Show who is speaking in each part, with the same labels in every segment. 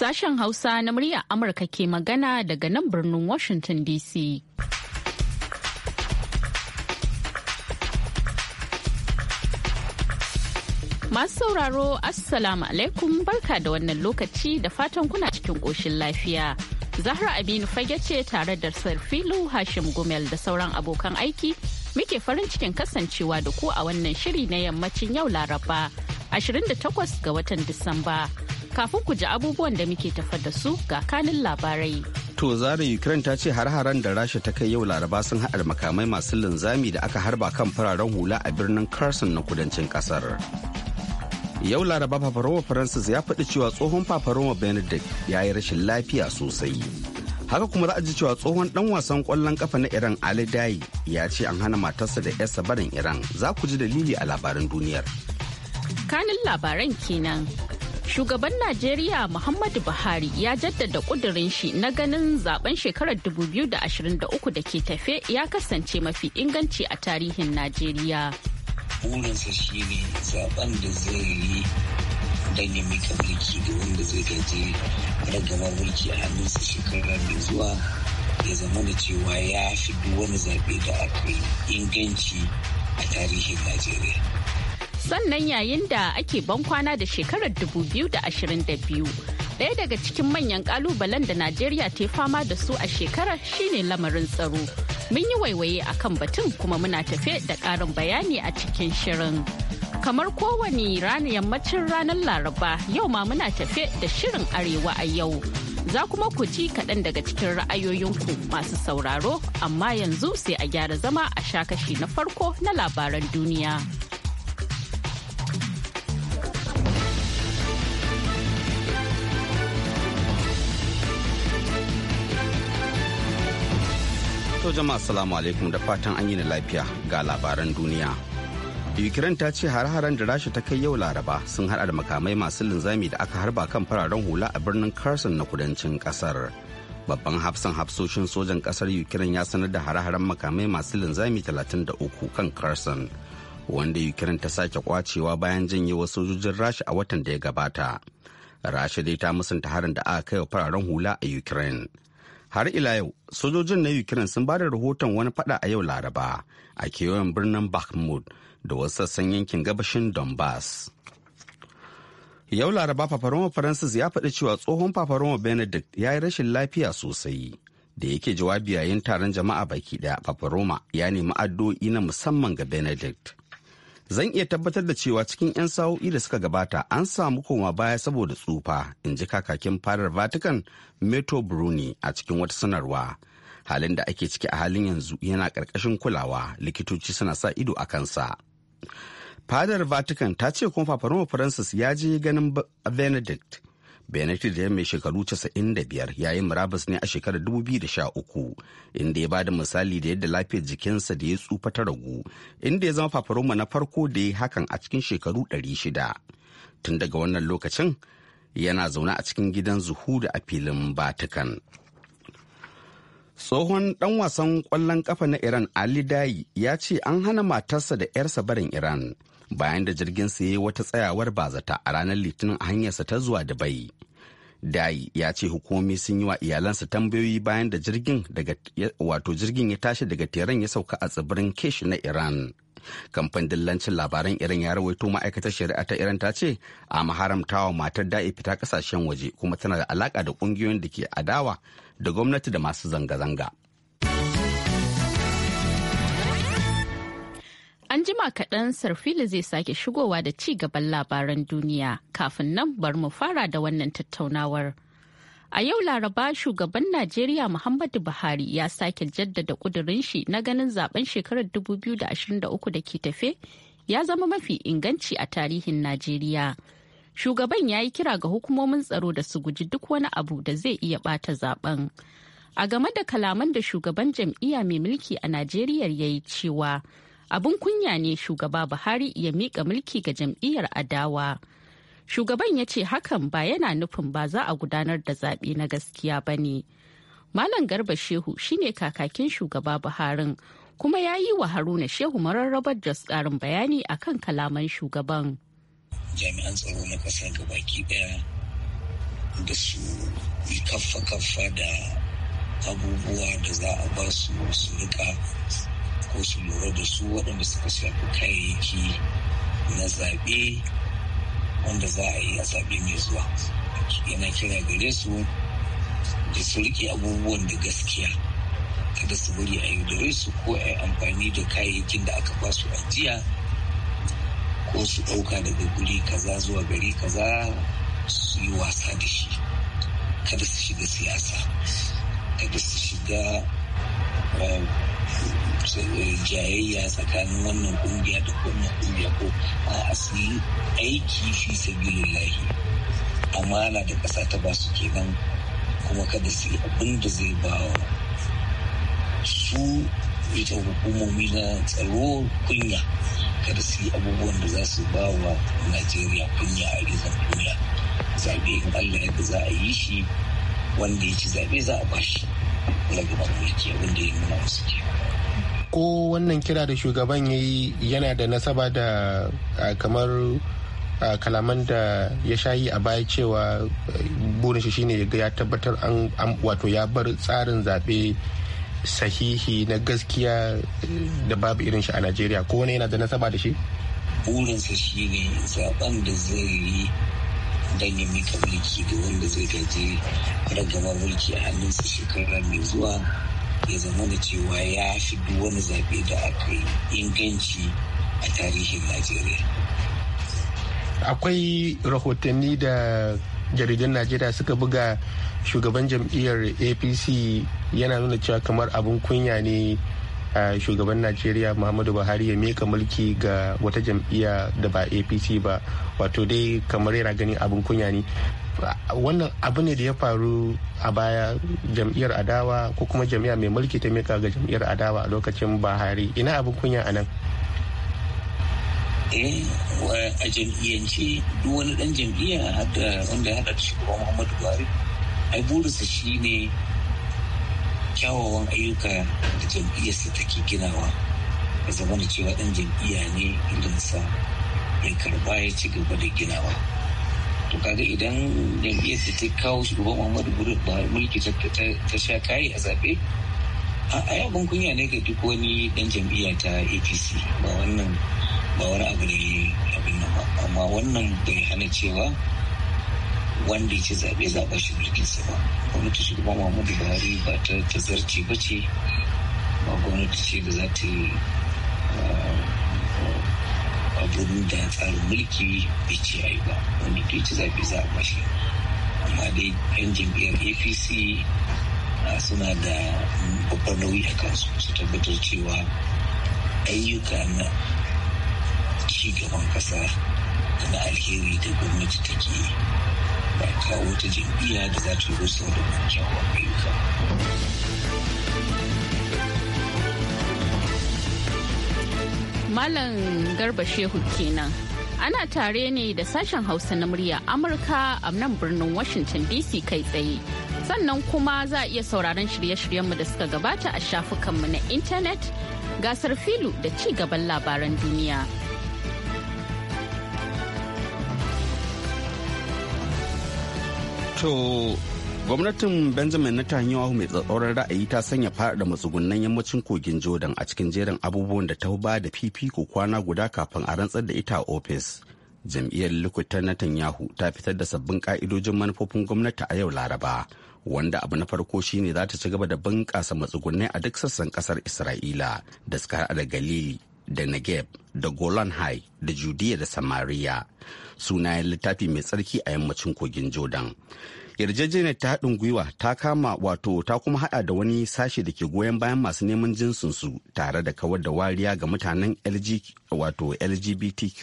Speaker 1: Sashen Hausa na murya Amurka ke magana daga nan birnin Washington DC. Masu sauraro Assalamu alaikum barka da wannan lokaci da fatan kuna cikin ƙoshin lafiya. Zahra Aminu fage ce tare da Sarfilu Hashim Gumel da sauran abokan aiki muke farin cikin kasancewa da ku a wannan shiri na yammacin yau Laraba 28 ga watan Disamba. Kafin ku ji abubuwan da muke tafar da su ga kanin labarai.
Speaker 2: To zara Ukraine ta ce har-haren da Rasha ta kai yau Laraba sun haɗa makamai masu linzami da aka harba kan fararen hula a birnin Carson na kudancin ƙasar. Yau Laraba Paparoma Francis ya faɗi cewa tsohon Paparoma Benedict ya yi rashin lafiya sosai. Haka kuma za a ji cewa tsohon ɗan wasan ƙwallon ƙafa na Iran Ali Dayi ya ce an hana matarsa da 'yarsa barin Iran za ku ji dalili a labaran duniyar.
Speaker 1: Kanin labaran kenan Shugaban Najeriya Muhammadu Buhari ya jaddada ƙudurin shi na ganin zaben shekarar 2023 da ke tafe ya kasance mafi inganci a tarihin Najeriya.
Speaker 3: Burinsa shi ne zaben da zai yi don ya mika mulki da wanda zai gaji ragama mulki a hannunsa shekarar da zuwa ya zama da cewa ya fi duk wani zaɓe da aka yi inganci a tarihin Najeriya.
Speaker 1: sannan yayin da ake bankwana da shekarar 2022 ɗaya daga cikin manyan kalubalen da najeriya ta fama da su a shekarar shine lamarin tsaro mun yi waiwaye a kan batun kuma muna tafe da ƙarin bayani a cikin shirin kamar kowane ranar yammacin ranar laraba yau ma muna tafe da shirin arewa a yau za kuma ku ji kaɗan daga cikin ra'ayoyinku masu sauraro amma yanzu sai a gyara zama a sha kashi na farko na labaran duniya.
Speaker 2: To jama'a Salamu alaikum da fatan an yi na lafiya ga labaran duniya. Ukraine ta ce har-haren da Rasha ta kai yau Laraba sun haɗa da makamai masu linzami da aka harba kan fararen hula a birnin Kherson na kudancin ƙasar. Babban hafsan hafsoshin sojan ƙasar Ukraine ya sanar da har-haren makamai masu linzami 33 kan Kherson. Wanda Ukraine ta sake kwacewa bayan janyewa sojojin Rasha a watan da ya gabata. Rasha dai ta musanta harin da aka kai wa fararen hula a Ukraine. har ila yau sojojin na ukraine sun ba da rahoton wani fada a yau laraba a kewayen birnin bakhmut da wasu sassan yankin gabashin donbass yau laraba paparoma faransis ya faɗi cewa tsohon paparoma benedict ya yi rashin lafiya sosai da yake jawabi yayin taron jama'a baki daya paparoma ya nemi addu'o'i na musamman ga benedict zan iya tabbatar da cewa cikin 'yan sa'o'i da suka gabata an samu koma baya saboda tsufa in ji kakakin fadar vatican meto bruni a cikin wata sanarwa halin da ake ciki a halin yanzu yana ƙarƙashin kulawa likitoci suna sa ido a kansa fadar vatican ta ce kuma fafaroma francis ya je ganin benedict benedict da mai shekaru 95 ya yi murabus ne a shekarar 2013 inda ya ba da misali da yadda lafiyar jikinsa da ya tsufa ta ragu inda ya zama fafaroma na farko da ya hakan a cikin shekaru 600 tun daga wannan lokacin yana zaune a cikin gidan zuhu da a filin batukan. tsohon dan wasan kwallon kafa na iran ali dayi ya ce an hana matarsa da 'yarsa barin iran bayan da jirgin sa yi wata tsayawar bazata a ranar litinin a hanyarsa ta zuwa dubai dayi ya ce hukumomi sun yi wa iyalansa tambayoyi bayan da jirgin wato jirgin ya tashi daga teran ya sauka a tsibirin kesh na iran kamfan dillancin labaran iran ya rawaito ma'aikatar shari'a ta iran ta ce a maharamtawa matar da'i fita kasashen waje kuma tana da alaka da kungiyoyin da ke adawa da gwamnati da masu zanga-zanga.
Speaker 1: An jima kaɗan Sarfili zai sake shigowa da ci gaban labaran duniya kafin nan bar mu fara da wannan tattaunawar. A yau Laraba shugaban Najeriya Muhammadu Buhari ya sake jaddada ƙudurin shi na ganin zaben shekarar 2023 da ke tafe ya zama mafi inganci a tarihin Najeriya. shugaban ya yi kira ga hukumomin tsaro da su guji duk wani abu da zai iya bata zaben a game da kalaman da shugaban jam'iyya mai mulki a najeriya ya yi cewa abin kunya ne shugaba buhari ya miƙa mulki ga jam'iyyar adawa shugaban ya ce hakan ba yana nufin ba za a gudanar da zaɓe na gaskiya ba ne malam garba shehu shine kakakin shugaba buharin kuma ya yi wa haruna shehu mararrabar jos ƙarin bayani akan kalaman shugaban
Speaker 3: jami'an tsaro na ƙasar gabaki ɗaya da su yi kaffa-kaffa da abubuwa da za a ba su su rika ko su lura da su waɗanda suka shafi kayayyaki na zaɓe wanda za a yi a zaɓe mai zuwa yana kira gare su da su rike abubuwan da gaskiya kada su bari a yi da su ko a yi amfani da kayayyakin da aka ba su ajiya ko su ɗauka daga guri kaza zuwa gari kaza su yi wasa da shi kada su shiga siyasa kada su shiga eh, eh, jayayya tsakanin wannan kungiya da wannan kungiya ko a aiki fi sabilillahi amana da ƙasa ta ba su kenan kuma kada su yi abin da zai ba su ita hukumomi na tsaro kunya kar su abubuwan da za su ba wa najeriya kunya a rizon duniya zaɓe in allah yadda za a yi shi wanda ya ci zaɓe za a bashi gaban mulki wanda ya nuna musu ke
Speaker 2: ko wannan kira da shugaban ya yi yana da nasaba da kamar kalaman da ya shayi a baya cewa eh, burin shi shine ya tabbatar an wato ya bar tsarin zaɓe sahihi na gaskiya da babu irin shi a najeriya ko wani yana da nasaba da shi
Speaker 3: burinsa shi ne zaben da zai yi don ya mika mulki da wanda zai gaji da gama mulki a hannunsa shekara mai zuwa ya zama da cewa ya fi duk wani zaɓe da aka yi inganci a tarihin najeriya
Speaker 2: akwai rahotanni da jaridun najeriya suka buga shugaban jam'iyyar apc yana nuna cewa kamar abin kunya ne a shugaban najeriya muhammadu buhari ya meka mulki ga wata jam'iyya da ba apc ba wato dai kamar yana gani abin kunya ne wannan abu ne da ya faru a baya jam'iyyar adawa ko kuma jam'iyya mai mulki ta meka ga jam'iyyar adawa a lokacin buhari ina abin kunya a nan
Speaker 3: eh, a jam'iyyance duk wani dan jam'iyya wanda ya hada da shugaban muhammadu buhari ai burinsa shine kyawawan ayyuka da jam'iyyarsa take ginawa ya zama da cewa ɗan jam'iyya ne irinsa ya karɓa ya ci gaba da ginawa to kaga idan jam'iyyarsa ta kawo shugaban muhammadu buhari mulki ta sha kayi a zaɓe a yabon kunya ne ga duk wani ɗan jam'iyya ta apc ba wannan ba wani abu ne abin nan ba amma wannan bai hana cewa wanda ya ci zaɓe zaɓa shi mulkinsa ba gwamnati shugaban muhammadu buhari ba ta tazarci ba ce ba gwamnati ce da za ta yi ah, abin da tsarin mulki bai ce ai ba wanda ya ci zaɓe za a amma dai yan jam'iyyar apc ah, suna da babban nauyi a kansu su tabbatar cewa ayyuka na ci gaban ƙasa da na alheri da gwamnati take kawo wata jam'iyya da za ta rusa da kyawawan ayyuka.
Speaker 1: Malam Garba Shehu kenan. Ana tare ne da sashen Hausa na murya Amurka a nan birnin Washington DC kai tsaye. Sannan kuma za a iya sauraron shirye-shiryenmu da suka gabata a shafukanmu na intanet gasar filu da ci gaban labaran duniya.
Speaker 2: To gwamnatin benjamin na netanyahu mai tsatsauran ra'ayi ta sanya da matsugunan yammacin kogin jordan a cikin jerin abubuwan da ta ba da fifiko kwana guda kafin a rantsar da ita a ofis jam'iyyar likud ta netanyahu ta fitar da sabbin ka'idojin manufofin gwamnati a yau laraba wanda abu na farko shine za ta ci gaba da bunƙasa matsugunai a duk sassan ƙasar isra'ila da suka haɗa da galili da Negev da Golan High da Judea da Samaria. Sunayen littafi mai tsarki a yammacin kogin Jordan. yarjejeniyar ta haɗin gwiwa ta kama wato ta kuma haɗa da wani sashe da ke goyon bayan masu neman jinsinsu tare da kawar da wariya ga mutanen wato lgbtq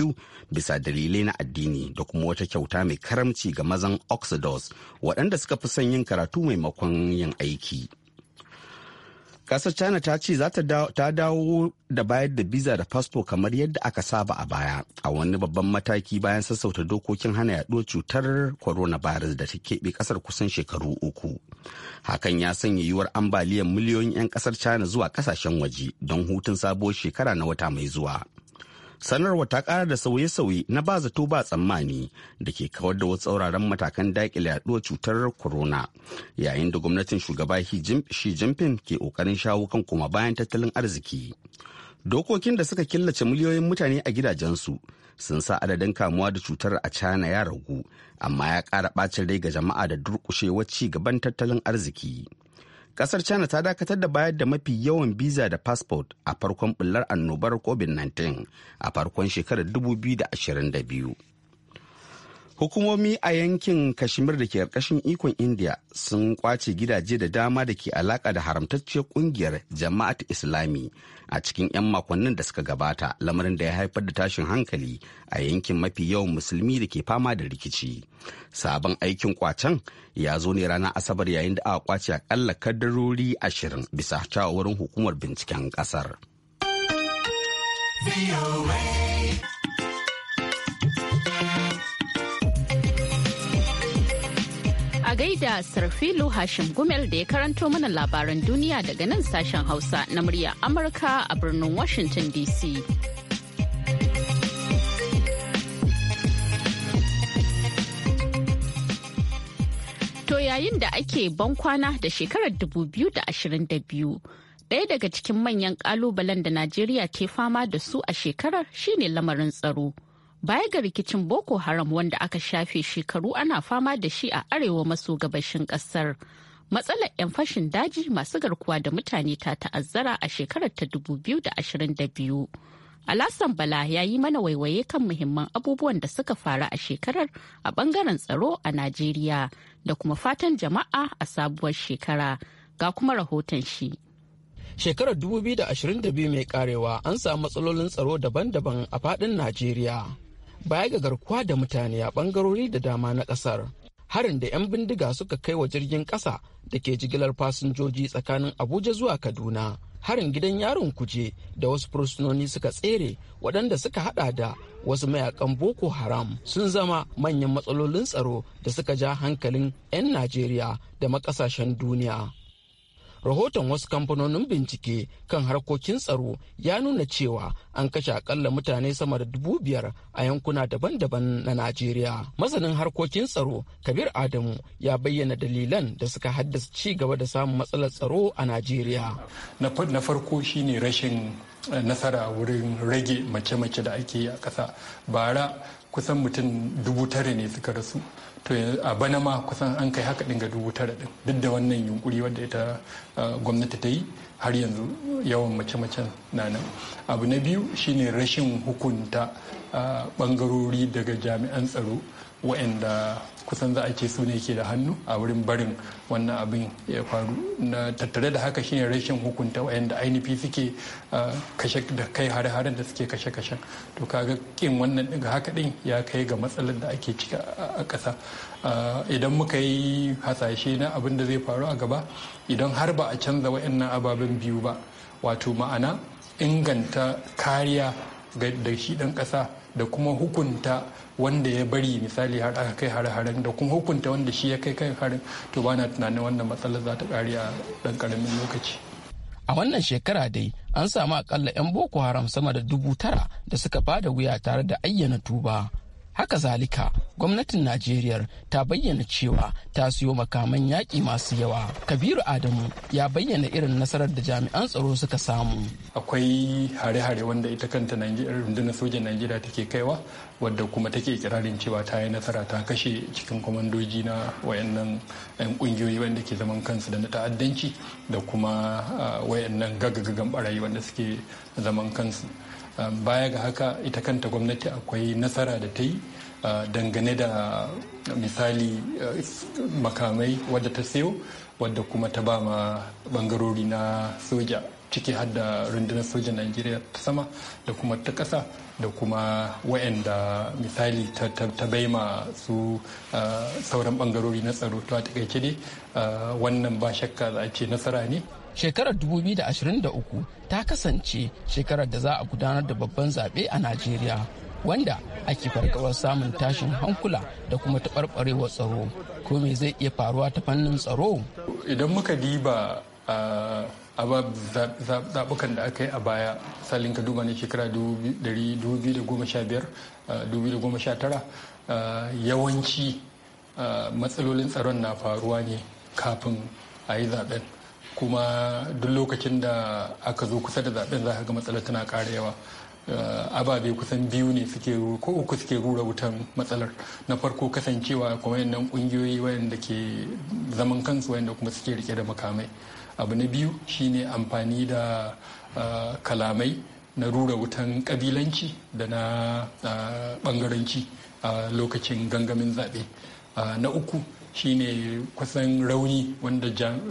Speaker 2: bisa dalilai na addini da kuma wata kyauta mai karamci ga mazan oxidos waɗanda suka fi son yin karatu maimakon yin aiki. kasar china ta ce za ta dawo da bayar da biza da fasfo kamar yadda aka saba a baya a wani babban mataki bayan sassauta dokokin hana yaduwar cutar coronavirus da ta keɓe kasar kusan shekaru uku hakan ya sanya yiwuwar ambaliyar miliyoyin 'yan kasar china zuwa kasashen waje don hutun sabuwar shekara na wata mai zuwa sanarwa ta kara da sauye-sauye na ba zato ba tsammani da ke kawar da wasu tsauraran matakan daƙile yaduwar cutar corona yayin da gwamnatin shugaba shi jinping ke ƙoƙarin shawo kan kuma bayan tattalin arziki dokokin da suka killace miliyoyin mutane a gidajensu sun sa adadin kamuwa da cutar a china ya ragu amma ya ƙara ɓacin rai ga jama'a da durƙushewar ci gaban tattalin arziki. kasar china ta dakatar da bayar da mafi yawan biza da passport a farkon bullar annobar covid-19 a farkon shekarar 2022 Hukumomi a yankin Kashmir da ke ƙarƙashin ikon India sun kwace gidaje da dama da ke alaƙa da haramtacciyar ƙungiyar Jama'at Islami a cikin 'yan makonnin da suka gabata lamarin da ya haifar da tashin hankali a yankin mafi yawan musulmi da ke fama da rikici. Sabon aikin kwacen ya zo ne ranar Asabar yayin da aka kwace akalla kadarori ashirin bisa shawarwarin hukumar binciken ƙasar.
Speaker 1: gaida sarfilu Hashim Gumel da ya karanto mana labaran duniya daga nan sashen Hausa na murya Amurka a birnin Washington DC. To yayin da ake ban kwana da shekarar 2022. ɗaya daga cikin manyan ƙalubalen da Najeriya ke fama da su a shekarar shine lamarin tsaro. Baya ga rikicin Boko Haram wanda aka shafe shekaru ana fama da shi a arewa maso gabashin kasar? Matsalar 'yan fashin daji masu garkuwa da mutane ta ta'azzara a shekarar ta 2022. Alasan Bala ya yi mana waiwaye kan muhimman abubuwan da suka faru a shekarar a bangaren tsaro a Najeriya da kuma fatan jama'a a sabuwar shekara ga kuma rahoton shi.
Speaker 4: Shekarar 2022 mai karewa an samu matsalolin tsaro daban-daban a fadin Najeriya. baya ga garkuwa da mutane a bangarori da dama na kasar harin da 'yan bindiga suka kai wa jirgin kasa da ke jigilar fasinjoji tsakanin abuja zuwa kaduna harin gidan yaron kuje da wasu fursunoni suka tsere waɗanda suka hada da wasu mayakan boko haram sun zama manyan matsalolin tsaro da suka ja hankalin 'yan najeriya da makasashen duniya rahoton wasu kamfanonin bincike kan harkokin tsaro ya nuna cewa an kashe akalla mutane sama da dubu biyar a yankuna daban-daban na najeriya masanin harkokin tsaro kabir adamu ya bayyana dalilan da suka haddasa ci gaba da samun matsalar tsaro
Speaker 5: a najeriya na farko shine rashin eh, nasara wurin rage mace-mace da ake yi a ƙasa bara kusan mutum dubu tare ne suka rasu to a bana ma kusan an kai haka ɗin ga dubu tara ɗin duk da wannan yunkuri wadda ita gwamnati ta yi har yanzu yawan mace-macen na nan abu na biyu shine rashin hukunta bangarori daga jami'an tsaro waɗanda kusan za a ce su ne ke da hannu a wurin barin wannan abin ya faru na tattare da haka shine rashin hukunta waɗanda ainihi suke kashe da kai har haren da suke kashe kashe to kaga kin wannan daga haka din ya kai ga matsalar da ake ciki a ƙasa idan muka yi hasashe na abin da zai faru a gaba idan har ba a canza waɗannan ababen biyu ba wato ma'ana inganta kariya da shi dan kasa da kuma hukunta wanda ya bari misali har aka kai hare-haren da kuma hukunta wanda shi ya kai kai harin to bana tunanin wannan matsalar za ta kare a dan karamin lokaci
Speaker 4: a wannan shekara dai an samu akalla 'yan boko haram sama da dubu tara da suka bada wuya tare da ayyana tuba haka zalika gwamnatin najeriya ta bayyana cewa ta siyo makaman yaki masu yawa kabiru adamu ya bayyana irin nasarar da jami'an tsaro suka samu
Speaker 5: akwai hare-hare wanda ita kanta rundunar sojan najeriya take kaiwa wadda kuma take kirarin cewa ta yi nasara ta kashe cikin kwamandoji na wayannan yan kungiyoyi wanda ke zaman kansu da na ta'addanci da kuma ah, wayannan gaggagan barayi wanda suke zaman kansu baya ga haka ita kanta gwamnati akwai nasara da ta yi dangane da misali makamai wadda ta sayo wadda kuma ta ba ma bangarori na soja ciki har da rundunar sojan najeriya ta sama da kuma ta ƙasa da kuma wa'anda misali ta baima su sauran bangarori na tsaro ta takaice ne wannan ba shakka za a ce nasara ne shekarar 2023 ta kasance shekarar da za a gudanar da babban zaɓe
Speaker 4: a najeriya wanda ake fargabar samun tashin hankula da kuma taɓarɓarewar tsaro ko me zai iya faruwa ta fannin tsaro
Speaker 5: idan muka diba a zaɓukan da aka yi a baya salin ka duba ne shekara 2015-2019 yawanci matsalolin tsaron na faruwa ne kafin a yi zaɓen kuma duk lokacin da aka zo kusa da zaben za ka ga matsalar tana kara yawa eh, ababe kusan biyu ne suke ko uku suke rura wutan matsalar na farko kasancewa kuma yannan ƙungiyoyi wayanda ke zaman kansu wayanda kuma suke rike da makamai abu na biyu shine amfani da eh, kalamai na rura wutan kabilanci da na bangaranci eh, a lokacin gangamin zaɓe na uku shine kusan rauni wanda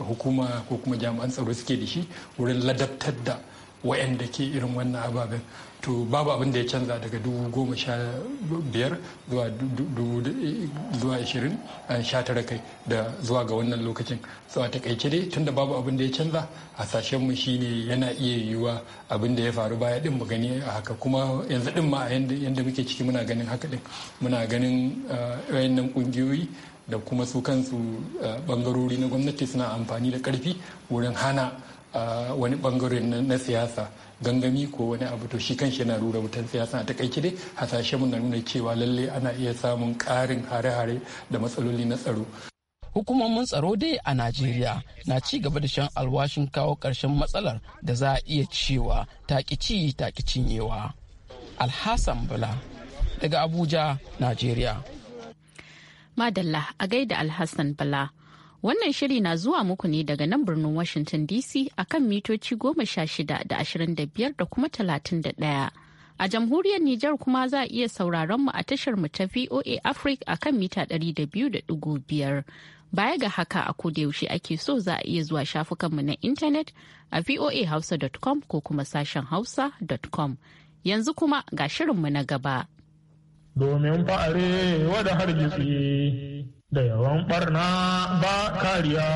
Speaker 5: hukuma ko kuma jami'an tsaro suke da shi wurin ladabtar da wa'anda ke irin wannan ababen to babu abin da ya canza daga dubu goma sha biyar zuwa ashirin sha tara kai da zuwa ga wannan lokacin so a takaice dai tunda babu abin da ya canza hasashen mu shine yana iya yiwuwa abin da ya faru baya din mu gani a haka kuma yanzu din ma yanda muke ciki muna ganin haka din muna ganin wayannan kungiyoyi da kuma su kansu eh, bangarori na gwamnati suna amfani da karfi wurin hana eh, wani bangare na siyasa gangami ko wani abu to shi kan yana rura wutar siyasa ta kai kide hasashe mun nuna cewa lalle ana iya samun karin hare-hare da matsaloli na tsaro hukumomin tsaro dai a najeriya na ci gaba da shan alwashin
Speaker 4: kawo karshen matsalar da za a iya cewa takici taki cinyewa alhassan bala daga abuja najeriya
Speaker 1: Madalla a gaida Alhassan Bala. Wannan shiri na zuwa muku ne daga nan birnin Washington DC a kan mitoci goma sha shida da ashirin da biyar da kuma talatin da ɗaya. A jamhuriyar Nijar kuma za a iya sauraron mu a tashar mu ta VOA Africa a kan mita ɗari da biyu da ɗigo biyar. Baya ga haka a koda yaushe ake so za a iya zuwa shafukanmu na intanet a voahausa.com ko kuma sashen hausa.com. Yanzu kuma ga shirinmu na gaba.
Speaker 5: domin fa'are wada hargitsi da yawan barna ba kariya.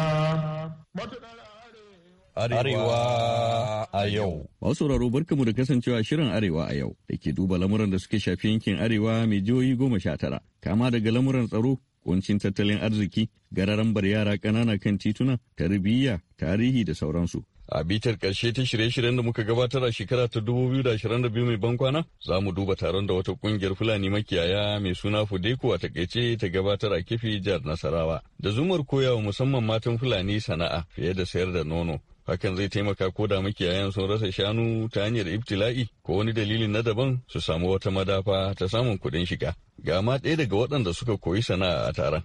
Speaker 6: Arewa a yau. Masu sauraro barkamu da kasancewa shirin Arewa a yau da ke duba lamuran da suke shafi yankin Arewa mai jihohi goma sha tara. Kama daga lamuran tsaro, kuncin tattalin arziki, gararan bar yara ƙanana kan tituna, tarbiyya, tarihi da sauransu. A bitar ƙarshe ta shirye-shiryen da muka gabatar a shekara ta 2022 mai bankwana, za mu duba taron da wata ƙungiyar Fulani makiyaya mai suna Fudeko a takaice ta gabatar a kifi jihar Nasarawa, da zumar koyawa musamman matan Fulani sana'a fiye da sayar da nono. Hakan zai taimaka ko da makiyayan sun rasa shanu ta hanyar ibtila'i ko wani dalili na daban su samu wata madafa ta samun kuɗin shiga. gama ɗaya daga waɗanda suka koyi sana'a a taron.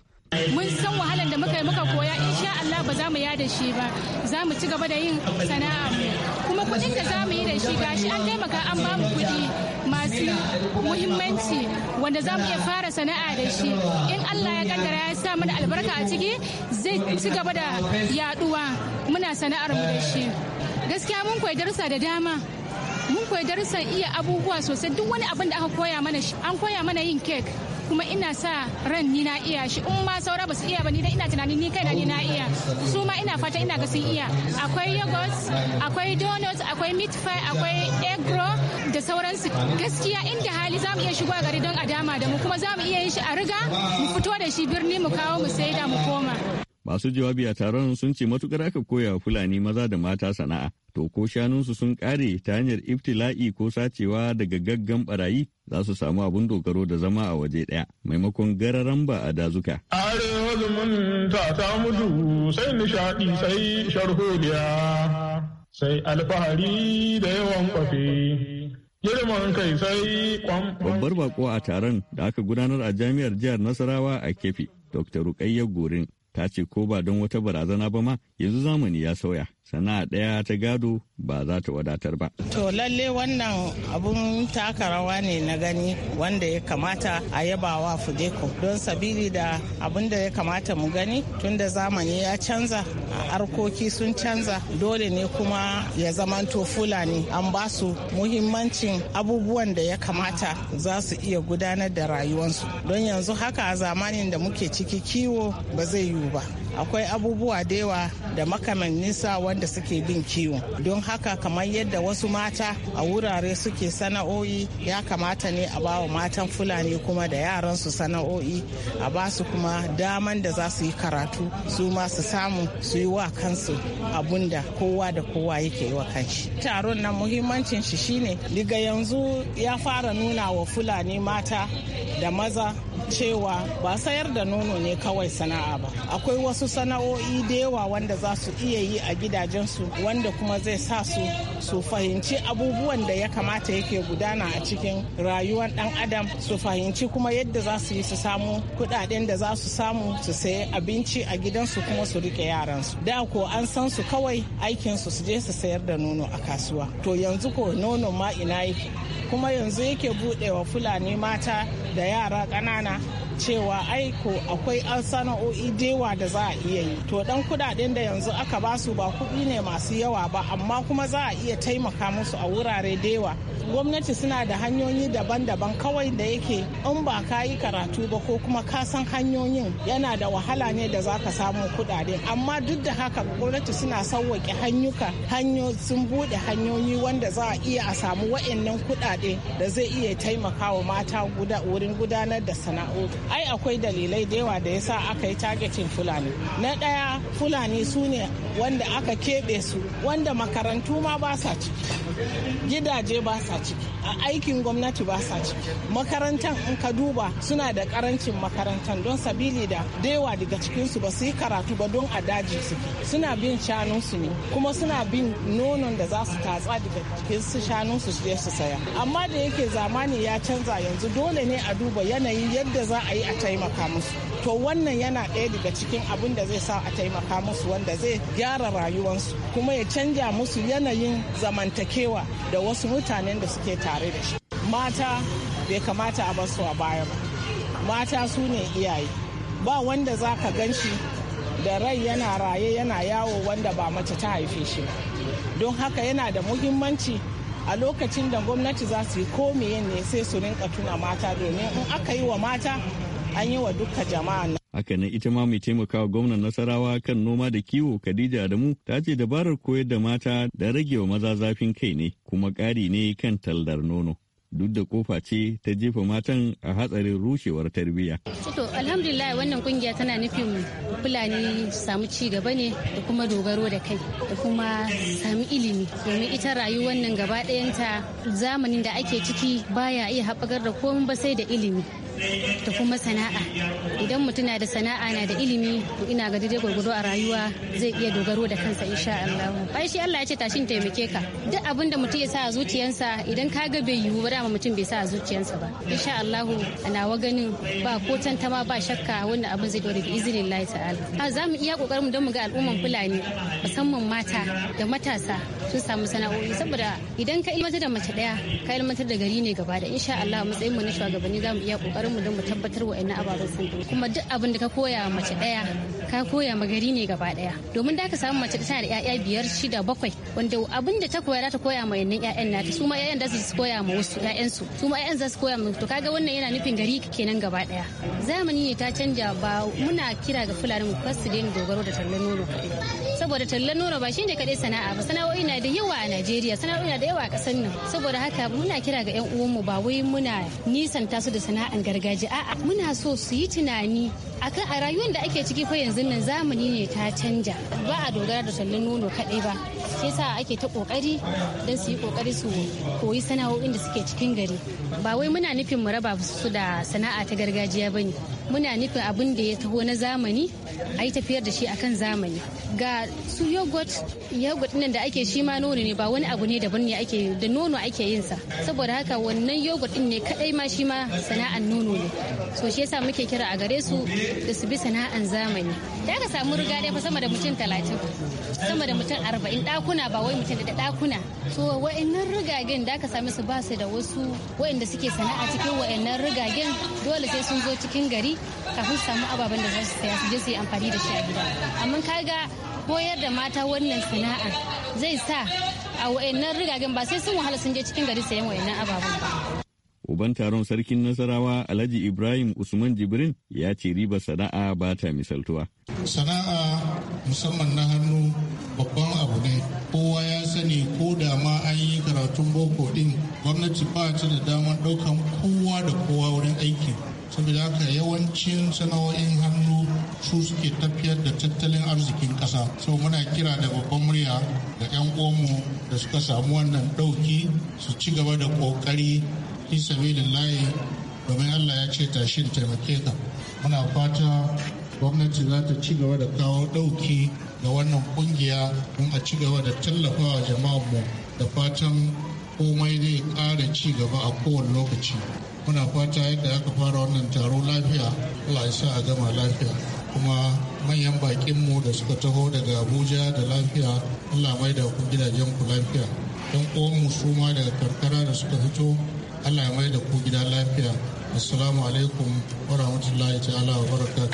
Speaker 7: mun san wahalar da muka yi muka koya insha Allah ba za mu yada shi ba za mu ci gaba da yin sana'a kuma kuɗin da za mu yi da shi ga shi an taimaka an ba mu kuɗi masu muhimmanci wanda za mu iya fara sana'a da shi in Allah ya kaddara ya sa mana albarka a ciki zai ci gaba da yaduwa muna sana'ar mu da shi gaskiya mun koyi darussa da dama mun koyi darussan iya abubuwa sosai duk wani abin da aka koya mana an koya mana yin kek kuma ina sa ran ni na iya shi in ma saura basu iya ba ni dai ina tunanin ni kaina ni na iya su ma ina fata ina ga sun iya akwai yogurt akwai donuts akwai meat pie akwai egg roll da sauransu gaskiya inda hali zamu iya shigo a gari don a dama da mu kuma zamu iya yin shi a riga mu fito da shi birni mu kawo mu saida mu koma
Speaker 6: Masu jawabi a taron sun ce matukar aka koya Fulani maza da mata sana'a to ko shanunsu sun ƙare ta hanyar iftila'i ko sacewa daga gaggan barayi za su samu abun dogaro da zama a waje ɗaya maimakon gararan ba a dazuka.
Speaker 5: Are zumunta ta mutu sai nishaɗi sai sharholiya
Speaker 6: sai alfahari da yawan kwafi. Girman kai sai Babbar bako a taron da aka gudanar a jami'ar jihar Nasarawa a Kefi, Dr. Rukayya Gorin ta ce ko ba don wata barazana ba ma yanzu zamani ya sauya. sana'a ɗaya ta gado ba za ta wadatar ba.
Speaker 8: To lalle wannan abun taka rawa ne na gani wanda ya kamata a yabawa Fudeko don sabili da abun da ya kamata mu gani tunda zamani ya canza harkoki sun canza dole ne kuma ya zamanto Fulani an ba su muhimmancin abubuwan da ya kamata za su iya gudanar da rayuwarsu don yanzu haka zamanin da muke ciki kiwo ba zai yiwu ba akwai abubuwa da yawa da makamannin nisa wanda suke bin kiwo don haka kamar yadda wasu mata a wurare suke sana'o'i ya kamata ne a bawa matan fulani kuma da yaran su sana'o'i a ba su kuma daman da za su yi karatu su ma su samu su yi wa kansu abun da kowa da kowa yake yi wa kanshi taron nan muhimmancin shi shine daga yanzu ya fara nuna wa fulani mata da maza cewa ba sayar da nono ne kawai sana'a ba akwai wasu wasu sana'o'i da yawa wanda za su iya yi a gidajensu wanda kuma zai sa su su fahimci abubuwan da ya kamata yake gudana a cikin rayuwar dan adam su fahimci kuma yadda za su yi su samu kudaden da za su samu su sayi abinci a gidansu kuma su rike yaransu da ko an san su kawai aikinsu su je su sayar da nono a kasuwa to yanzu ko nono ma ina yake kuma yanzu yake budewa fulani mata da yara ƙanana cewa aiko akwai sana'o'i dewa da za a iya yi to dan kudaden da yanzu aka basu ba kuɗi ne masu yawa ba amma kuma za a iya taimaka musu a wurare dewa gwamnati suna da hanyoyi daban-daban kawai da yake in ba ka yi karatu ba ko kuma ka san hanyoyin yana da wahala ne da zaka samu kuɗaɗe amma duk da haka gwamnati suna sauwaƙe hanyuka hanyo sun buɗe hanyoyi wanda za a iya a samu wa'annan kuɗaɗe da zai iya taimakawa mata wurin gudanar da sana'o'i ai akwai dalilai da yawa da ya sa aka yi targeting fulani na ɗaya fulani su ne wanda aka keɓe su wanda makarantu ma ba sa ciki gidaje ba sa ciki a aikin gwamnati ba sa ciki makarantan in ka duba suna da karancin makarantan don sabili da yawa daga cikinsu ba su yi karatu ba don a daji suke suna bin shanunsu ne kuma suna bin nonon da za su tatsa daga cikinsu shanunsu su je su saya amma da yake zamani ya canza yanzu dole ne a duba yanayin yadda za a yi a taimaka musu to wannan yana ɗaya daga cikin abin da zai sa a taimaka musu wanda zai gyara rayuwarsu kuma ya canja musu yanayin zamantakewa da wasu mutanen da suke tare da shi mata bai kamata a basu a baya ba mata su ne iyaye ba wanda za ka gan shi da rai yana raye yana yawo wanda ba mace ta haife shi ba don haka yana da muhimmanci a lokacin da gwamnati za su yi ko ne sai su rinka tuna mata domin in aka yi wa mata an yi wa duka jama'a
Speaker 6: haka nan ita ma mai taimakawa gwamnan nasarawa kan noma da kiwo khadija adamu ta ce dabarar koyar da mata da ragewa maza zafin kai ne kuma ƙari ne kan tallar nono duk da kofa ce ta jefa matan a hatsarin rushewar tarbiyya.
Speaker 9: To alhamdulillah wannan kungiya tana nufin Fulani samu ci gaba ne da kuma dogaro da kai da kuma samu ilimi domin ita rayuwar nan gaba ɗayanta zamanin da ake ciki baya iya haɓakar da komai ba sai da ilimi. da kuma sana'a idan mutum na da sana'a na da ilimi to ina ga daidai gwargwado a rayuwa zai iya dogaro da kansa insha Allah bai shi Allah ya ce tashin taimake ka duk abin da mutum ya sa a zuciyansa idan ka ga bai yiwu ba dama mutum bai sa a zuciyansa ba insha Allah wa ganin ba ko tantama ba shakka wannan abin zai dore bi izinin Allah ta'ala za mu iya kokarin mu don mu ga al'umman Fulani musamman mata da matasa sun samu sana'o'i saboda idan ka ilmantar da mace daya ka ilmantar da gari ne gaba da insha Allah matsayin mu na shugabanni zamu iya kokarin mu don mu tabbatar wa ababen sun kuma duk abin da ka koya mace daya ka koya ma gari ne gaba daya domin da ka samu mace tana da yaya biyar shida bakwai wanda abin da ta koya za ta koya ma yannan yayan nata su ma yayan da su koya ma wasu yayan su su ma yayan za su koya ma to kaga wannan yana nufin gari kenan gaba daya zamani ne ta canja ba muna kira ga fulani mu su daina dogaro da tallan nono kaɗai saboda tallan nono ba shine kaɗai sana'a ba sana'o'i na da yawa a Najeriya sana'o'i na da yawa a ƙasar nan saboda haka muna kira ga yan uwanmu ba wai muna nisanta su da sana'an gargajiya a'a muna so su yi tunani akan a rayuwar da ake ciki fa yanzu nan zamani ne ta canja ba a dogara da tallin nono kaɗai ba shi yasa ake ta kokari don su yi kokari su koyi sana'o'in da suke cikin gari ba wai muna nufin mu raba su da sana'a ta gargajiya bane muna nufin abin da ya taho na zamani a yi tafiyar da shi akan zamani ga su yogurt yogurt nan da ake shi ma nono ne ba wani abu ne daban ne ake da nono ake yin sa saboda haka wannan yogurt din ne kadai ma shi ma sana'an nono ne so shi yasa muke kira a gare su da su bi sana'an zamani da aka samu riga dai fa sama da mutum talatin sama da mutum arba'in dakuna ba wai mutum da dakuna so wa'annan rigagen da aka same su ba su da wasu wa'anda suke sana'a cikin wa'annan rigagen dole sai sun zo cikin gari kafin su samu ababen da za su saya su je su yi amfani da shi a gida amma kaga koyar da mata wannan sana'a zai sa a wayannan rigagen ba sai sun wahala sun je cikin gari sayan wayannan ababen ba
Speaker 6: uban taron sarkin nasarawa alhaji ibrahim usman jibrin ya ce riba sana'a ba ta misaltuwa
Speaker 5: sana'a musamman na hannu babban abu ne kowa ya sani ko da ma an yi karatun boko din gwamnati ba ta da damar daukan kowa da kowa wurin aiki saboda haka yawancin sana'o'in hannu su suke tafiyar da tattalin arzikin ƙasa so muna kira da babban murya da 'yan omo da suka samu wannan ɗauki su ci gaba da ƙoƙari fi layi domin allah ya ce tashi da taimake ka muna fata gwamnati za ta ci gaba da kawo ɗauki ga wannan kungiya don a ci gaba da tallafawa mu da fatan komai zai ƙara ci gaba a kowane lokaci muna fata yadda aka fara wannan taro lafiya Allah ya sa a gama lafiya kuma manyan bakinmu da suka taho daga abuja da lafiya Allah mai da ku gidajen ku lafiya don uwanmu su ma daga karkara da suka fito Allah mai da ku gida lafiya assalamu alaikum wa rahmatullahi ta'ala wa barakatuh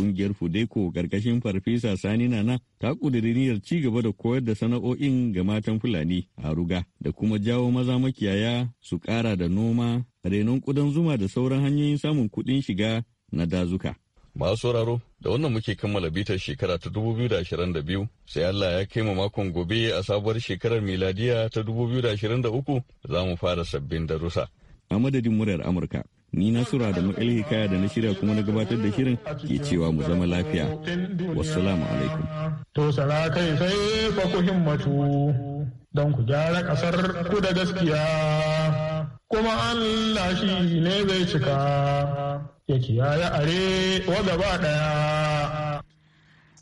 Speaker 6: Kungiyar Fudeko karkashin Farfesa Sani Nana ta ƙudiri niyyar ci gaba da koyar da sana'o'in ga matan Fulani a Ruga da kuma jawo maza makiyaya su ƙara da noma, renon ƙudan zuma da sauran hanyoyin samun kuɗin shiga na dazuka. Masu sauraro, da wannan muke kammala bitar shekara ta 2022 sai Allah ya kai mu makon gobe a sabuwar shekarar miladiya ta 2023 za mu fara sabbin darussa. A madadin muryar Amurka, Ni nasura da makali hikaya da na shirya kuma na gabatar da shirin ke cewa mu zama lafiya. Wassalamu alaikum.
Speaker 10: To kai sai fa ku
Speaker 5: himmatu don ku gyara kasar ku da gaskiya. Kuma Allah shi ne zai cika ya kiyaye are wa gaba
Speaker 1: daya.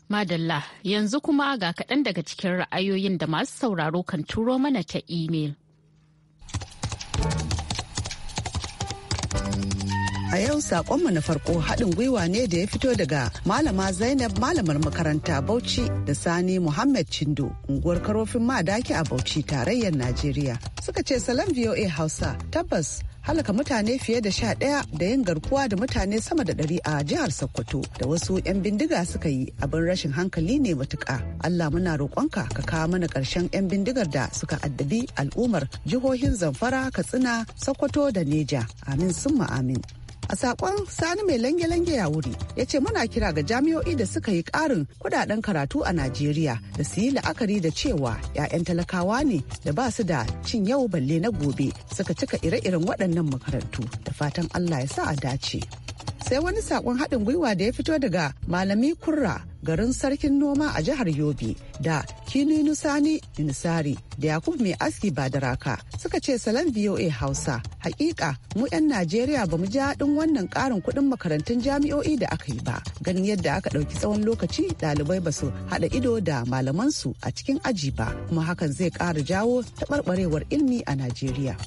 Speaker 1: Madalla yanzu kuma ga kaɗan daga cikin ra'ayoyin da masu sauraro kan turo mana ta imel.
Speaker 10: A yau sakonmu na farko haɗin gwiwa ne da ya fito daga Malama Zainab malamar makaranta Bauchi da Sani Muhammad Chindo unguwar karofin madaki a Bauchi tarayyar Najeriya. Suka ce salam VOA Hausa tabbas halaka mutane fiye da sha ɗaya da yin garkuwa da mutane sama da ɗari a jihar Sokoto da wasu 'yan bindiga suka yi abin rashin hankali ne matuƙa. Allah muna roƙonka ka kawo mana ƙarshen 'yan bindigar da suka addabi al'ummar jihohin Zamfara, Katsina, Sokoto da Neja. Amin summa amin. a sakon sani mai lange-lange ya wuri ya ce muna kira ga jami'o'i da suka yi karin kudaden karatu a najeriya da su yi la'akari da cewa 'ya'yan talakawa ne da ba su da cin yau balle na gobe suka cika ire-iren waɗannan makarantu da fatan allah ya sa a dace sai wani sakon haɗin gwiwa da ya fito daga malami kurra garin sarkin noma a jihar yobe da kininu sani nisari da yakub mai aski ba da raka suka ce salon voa hausa hakika mu 'yan najeriya ba mu ji haɗin wannan ƙarin kuɗin makarantun jami'o'i da aka yi ba ganin yadda aka ɗauki tsawon lokaci ɗalibai ba su haɗa ido da malamansu a cikin aji ba kuma hakan zai ƙara jawo taɓarɓarewar ilmi a najeriya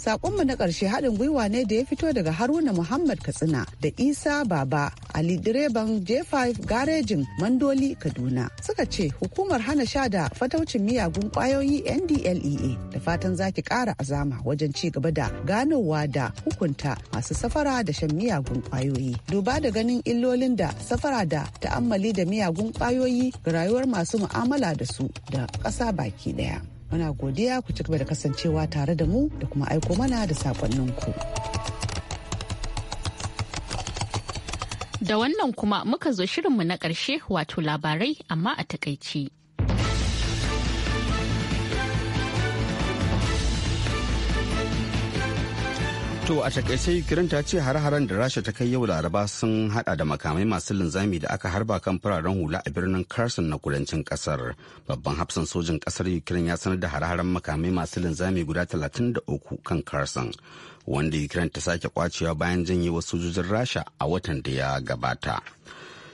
Speaker 10: Sakonmu na ƙarshe haɗin gwiwa ne da ya fito daga Haruna Muhammad Katsina da Isa Baba Ali direban J5 garejin Mandoli Kaduna. Suka ce hukumar hana sha da fataucin miyagun ƙwayoyi NDLEA da fatan zaki ƙara azama wajen ci gaba da ganowa da hukunta masu safara da shan miyagun ƙwayoyi. Duba da ganin illolin da safara da ta'ammali da miyagun ƙwayoyi ga rayuwar masu mu'amala da su da ƙasa baki ɗaya. Muna godiya ku ci gaba da kasancewa tare da mu da kuma aiko mana da ku
Speaker 1: Da wannan kuma muka zo shirinmu na ƙarshe wato labarai amma a takaici.
Speaker 2: To a takaice Ukraine ta ce har-haren da Rasha ta kai yau Laraba sun hada da makamai masu linzami da aka harba kan fararen hula a birnin carson na kudancin kasar. Babban hafsan sojin kasar Ukraine ya sanar da har-haren makamai masu linzami guda 33 kan carson wanda Ukraine ta sake kwacewa bayan yi wasu sojojin Rasha a watan da ya gabata.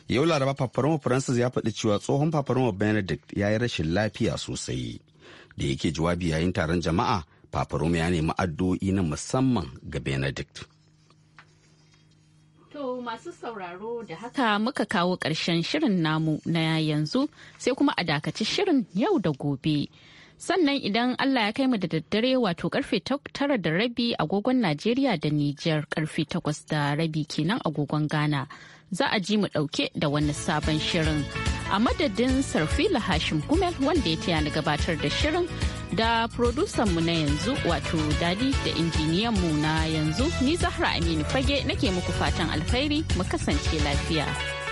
Speaker 2: Yau Laraba Paparoma Francis ya faɗi cewa tsohon Paparoma Benedict ya yi rashin lafiya sosai. Da yake jawabi yayin taron jama'a Papa Roma ya nemi addu'o'i na musamman ga Benedict. To masu sauraro da
Speaker 1: haka muka kawo ƙarshen shirin namu na yanzu sai kuma a dakaci shirin yau da gobe. Sannan idan Allah ya kai mu da daddare wato karfe tara da rabi agogon Najeriya da Nijar karfe takwas da rabi kenan agogon Ghana. Za a ji mu ɗauke da wani sabon shirin. A madadin Sarfila Hashim Gumel wanda ya taya ni gabatar da shirin da mu na yanzu wato dadi da mu na yanzu ni zahra aminu fage nake muku fatan alfairi mu kasance lafiya.